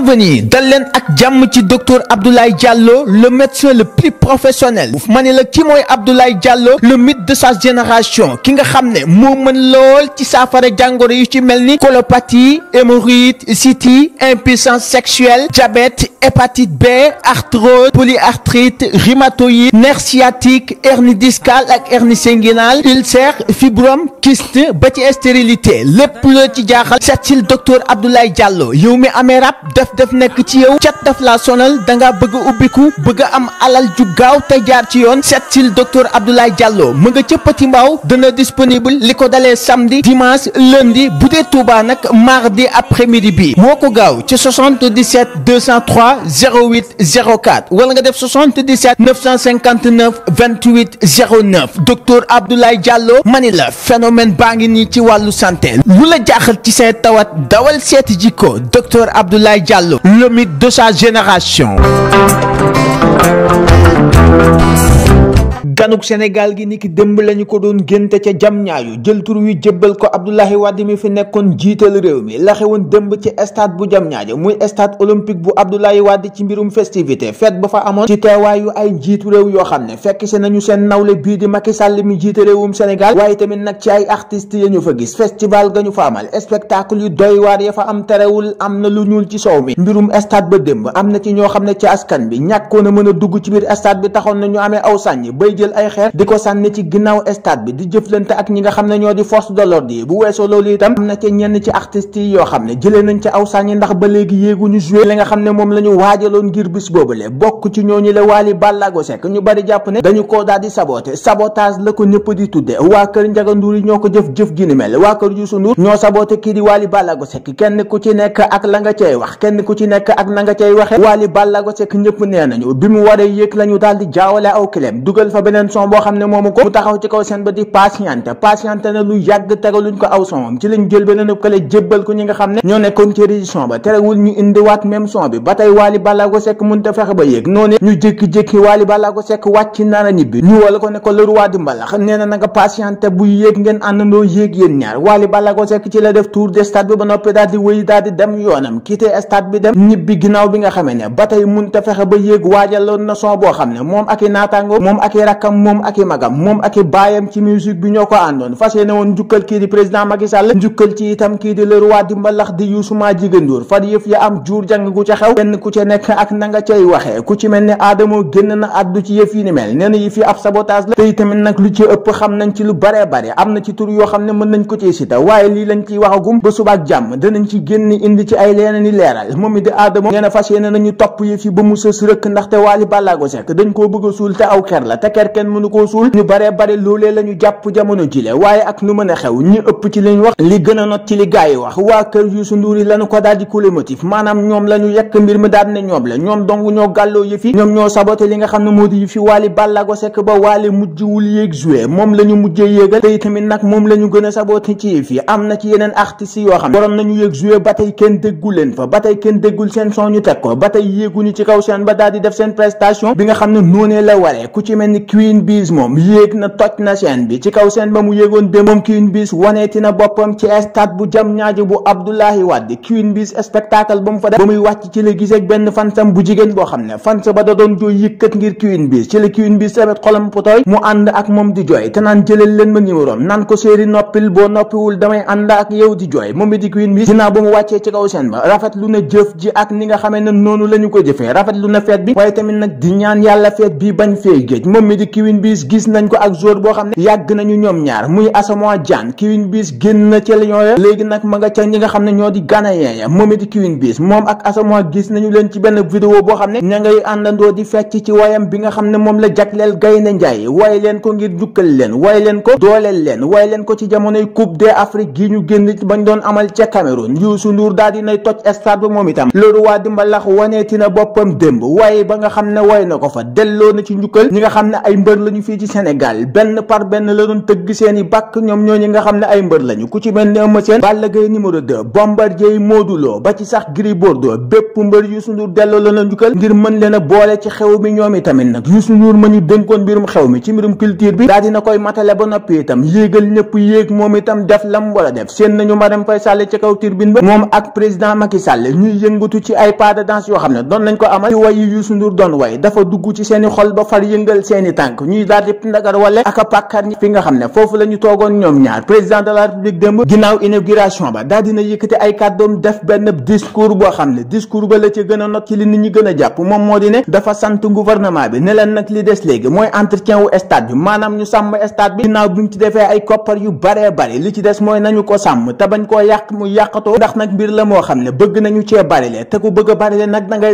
bienvenue dal leen ak jàmm ci docteur Abdoulaye Diallo le médecin le plus professionnel ma ne ki mooy Abdoulaye Diallo le mythe de sa génération ki nga xam ne moo mën lool ci saafara jàngoro yu ci mel ni colopathie hémorroïde cystite impuissance sexuelle diabète hépatite B arthrose polyarthrite rhumatoïde nerf sciatique hernie discale ak hernie inguinale ulcère fibrome kyste ba ci stérilité lépp loo ci jaaxal seet si docteur Abdoulaye Diallo mi amee rab def def nekk ci yow cat daf la sonal da nga bëgg a ubbiku bëgg a am alal ju gaaw te jaar ci yoon seet sil docteur Abdoulaye Diallo mu nga ca Petit Mbao dana disponible li ko dalee samedi dimanche lundi bu dee Touba nag mardi après midi bi woo ko gaaw ci 77 203 08 04 wala nga def 77 959 28 09 docteur Abdoulaye Diallo mani la phénomène baa ngi nii ci wàllu santé lu la jaaxal ci say tawat dawal seeti jikko docteur Abdoulaye Diallo Diallo, le mythe de sa génération. ganuk Sénégal gi niki démb lañu ko doon génte ca jam ñaayu jël tur wi jébbal ko Abdoulaye Wade mi fi nekkoon jiital réew mi la xewoon démb ci stade bu jam ñaajo muy stade olympique bu Abdoulaye Wade ci mbirum festivité fête ba fa amoon ci teewaayu ay njiitu réew yoo xam ne fekk si nañu seen nawle bii di Macky sàll mi jiite réewum Sénégal waaye tamit nag ci ay artistes ya ñu fa gis festival ga ñu fa amal spectacle yu doy ya fa am terewul am na lu ñuul ci soow mi mbirum stade ba démb am na ci ñoo xam ne ci askan bi ñàkkoon a mën a dugg ci biir stade bi taxoon na ñu aw sàññ bay jël ay xeer di ko sànni ci ginnaaw stade bi di jëflante ak ñi nga xam ne ñoo di force de l'ordre yi bu weesoo loolu itam am na ca ñenn ci artistes yi yoo xam ne jëlee nañ ca aw sànni ndax ba léegi yéeguñu joué li nga xam ne moom la ñu waajaloon ngir bis boobule bokk ci ñooñu la Wally Ballago Seck ñu bari jàpp ne dañu koo daal di sabotage la ko ñëpp di tudde waa kër Ndiaga Ndour yi ñoo ko jëf jëf gi ni mel waa kër Youssou Ndour ñoo saboté kii di Wally ku ci nekk ak la nga cey wax kenn ku ci nekk ak na nga cey waxe Wally Ballago Seck ñëpp nee nañu bi mu waree yéeg lañu daal di jaawale aw ko beneen son boo xam ne moomu ko mu taxaw ci kaw seen ba di patiente patiente na lu yàgg tegaluñ ko aw sonam ci lañ jël beneen kële jébbal ko ñi nga xam ne ñoo nekkoon ko moom ak i rakkam moom ak i magam moom ak i baayam ci musique bi ñoo ko àndoon fas yéene woon njukkal kii di président Macky Sall njukkal ci itam kii di le roi di mbalax di Youssou Madjiguène Ndour far yëf ya am jur jàng gu ca xew benn ku ca nekk ak na nga cay waxee ku ci mel ni Adamo génn na addu ci yëf yi ni mel nee na yëf yi ab sabotage la te itamit nag lu ci ëpp xam nañ ci lu bare bare am na ci tur yoo xam ne mën nañ ko ciy sita waaye lii lañ ciy waxagum ba subaak jàmm danañ ci génn indi ci ay i leeral moom it di Adamo nee na fas yéene nañu topp yëf yi ba mu sës rëkk ndaxte Wally Ballago Seck dañ koo bëgg a suul ker kenn mënu koo suul ñu baree bare loolee la ñu jàpp jamono jile waaye ak nu mën a xew ñi ëpp ci liñ wax li gën not ci li gaay yi wax waa kër Youssou Ndour yi lañu ko daal di coulé la ñu yekk mbir mi moom la ñu mujjee yéegal te itamit nag moom la ñu a saboté ci yëf yi am na ci yeneen artistes yoo xam ne waroon nañu yéeg joué ba tey kenn déggu leen fa ba tey kenn déggul seen son ñu teg ko ba tey yéeguñu ci kaw seen ba daal di def seen prestation bi nga xam ne noonee la waree ku ci mel Queen Biz moom yéeg na toj na chaîne bi ci kaw seen ba mu yéegoon dé moom Queen Biz waneeti na boppam ci stade bu jam ñaajo bu Abdoulaye Wade Queen Biz spectacle ba mu fa def ba muy wàcc ci la gisee benn fansam bu jigéen boo xam ne fansa ba da doon jooy yëkkat ngir Queen Biz ci la Queen Biz tamit xolam potooy mu ànd ak moom di jooy te naan jëlal leen ma numérom naan ko séeri noppil boo noppiwul damay ànd ak yow di jooy moom it di Queen Biz ginnaaw ba mu wàccee ci kaw seen ba rafetlu na jëf ji nga xamee noonu la ñu ko jëfee rafetlu na feet bi waaye tamit nag di ñaan yàlla feet bi bañ fee di Kiwin Bis gis nañ ko ak joueur boo xam ne yàgg nañu ñoom ñaar muy Asamoah Gyan Kiwin Bis génn na ca Lions ya léegi nag ma nga ca ñi nga xam ne ñoo di Ghanéen ya moom it di Kiwin Bis moom ak Asamoah gis nañu leen ci benn vidéo boo xam ne ña ngay àndandoo di fecc ci wayam bi nga xam ne moom la jagleel Gaynde Njaay waaye leen ko ngir jukkal leen waaye leen ko dooleel leen waaye leen ko ci jamonoy Coupe d'Afrique gi ñu génn bañ doon amal ca Cameroun Youssou Ndour daal di nay toj stade ba moom itam loolu waa di mbalax na boppam démb waaye ba nga xam ne way na ko fa ay mbër lañu fii ci Sénégal benn par benn la doon tëgg seen i bàkk ñoom ñooñu nga xam ne ay mbër lañu ku ci mel ne Eumeu Sène Balla Gaye numéro 2 Bombardier Modou Lo ba ci sax Gris Bordeaux bépp mbër Youssou Ndour delloo la na njukkal ngir mën leen boole ci xew mi ñoom itamit nag Youssou Ndour ma ñu dénkoon mbirum xew mi ci mbirum culture bi daal dina koy matale ba noppi itam yéegal ñëpp yéeg moom itam def lam war a def seen nañu Marème Faye Sall ci kaw tribune ba moom ak président Macky Sall ñuy yëngatu ci ay pas de yoo xam ne doon nañ ko amal ci way tànk ñuy daal di wale ak a fi nga xam ne foofu la toogoon ñoom ñaar président de la démb ginnaaw inauguration ba daal dina yëkkati ay kàddoom def benn discours boo xam ne discours ba la ci gën a not ci li nit ñi gën a jàpp moom moo di ne dafa sant gouvernement bi ne leen nag li des léegi mooy entretien wu stade bi maanaam ñu sàmm stade bi ginnaaw bi mu ci defee ay koppar yu baree bari li ci des mooy nañu ko sàmm te koo yàq mu da ngay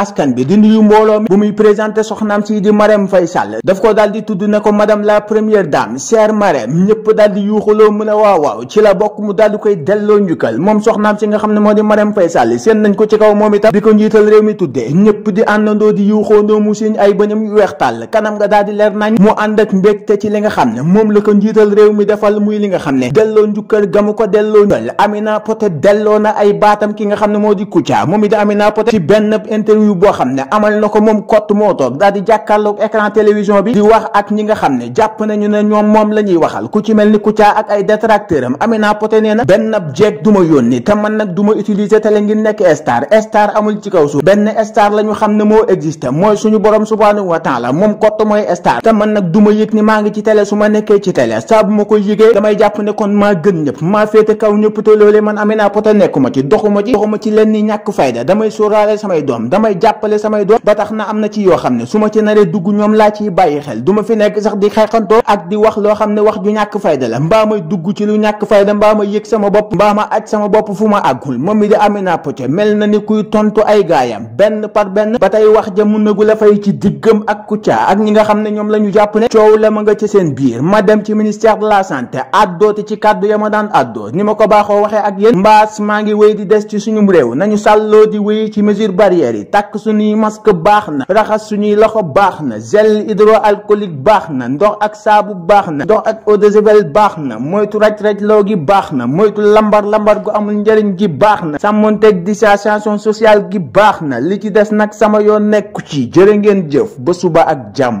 a biir mbooloo mi bu muy présenté soxnaam si di Marème Faye Sall daf ko daal di tudd ne ko madame la première dame chère Marème ñëpp daal di yuuxaloo mu waaw waaw ci la bokk mu daal koy delloo njukkal moom mi tuddee ñëpp li nga xam ne moom la ko njiital réew mi defal muy li nga xam ne delloo njukkal gamu ko delloo njukkal Amina Poté delloo na ay baatam ki nga xam ne moo di Kouthia moom it Amina Poté ci benn interview boo xam ne xamal na ko moom kott moo toog daal di jàkkaarloog écran télévision bi di wax ak ñi nga xam ne jàpp nañu ne ñoom moom la ñuy waxal ku ci mel ni ku Kouthia ak ay détracteur am naa Poté nee na benn ab jeeg du ma yónni te man nag du ma utiliser télé ngir nekk star star amul ci kaw suuf benn star la ñu xam ne moo existe mooy suñu borom subhanahu wa taala moom kott mooy star te man nag du ma yëg ni maa ngi ci télé su ma nekkee ci télé saa bu ma ko yëgee damay jàpp ne kon maa gën ñëpp maa féete kaw ñëpp te loolee man Amina Poté nekkuma ci doxuma ci ci lenn ñàkk fayda damay sóoraale samay doom damay jàppale samay doom ba tax na am na ci yoo xam ne su ma ci naree dugg ñoom laa ciy bàyyi xel du fi nekk sax di xeexantoo ak di wax loo xam ne wax ju ñàkk fayda la mbaam may dugg ci lu ñàkk fayda mbaa ma yëg sama bopp mbaa ma sama bopp fu ma àggul moom mi di Amina Poté na ni kuy tontu ay gaayam benn par benn ba tey wax ja mun nagu la fay ci diggam ak Kouthia ak ñi nga xam ne ñoom la ñu jàpp ne coow la ma nga ci seen biir ma dem ci ministère de la santé àddooti ci kàddu ya ma daan àddoo ni ma ko baaxoo waxee ak yéen mbaas maa ngi wéy di des ci suñu réew nañu sàlloo di wéy ci mesure barrière yi takk suñuy masque fëkk baax na raxas suñuy loxo baax na gel hydroalcoolique baax na ndox ak saabu baax na ndox ak eau de javel baax na moytu raj-raj loo gi baax na moytu lambar-lambar gu amul njariñ gi baax na sàmmonteeg distanciation sociale gi baax na li ci des nag sama yoon nekku ci jërë ngeen jëf ba suba ak jàmm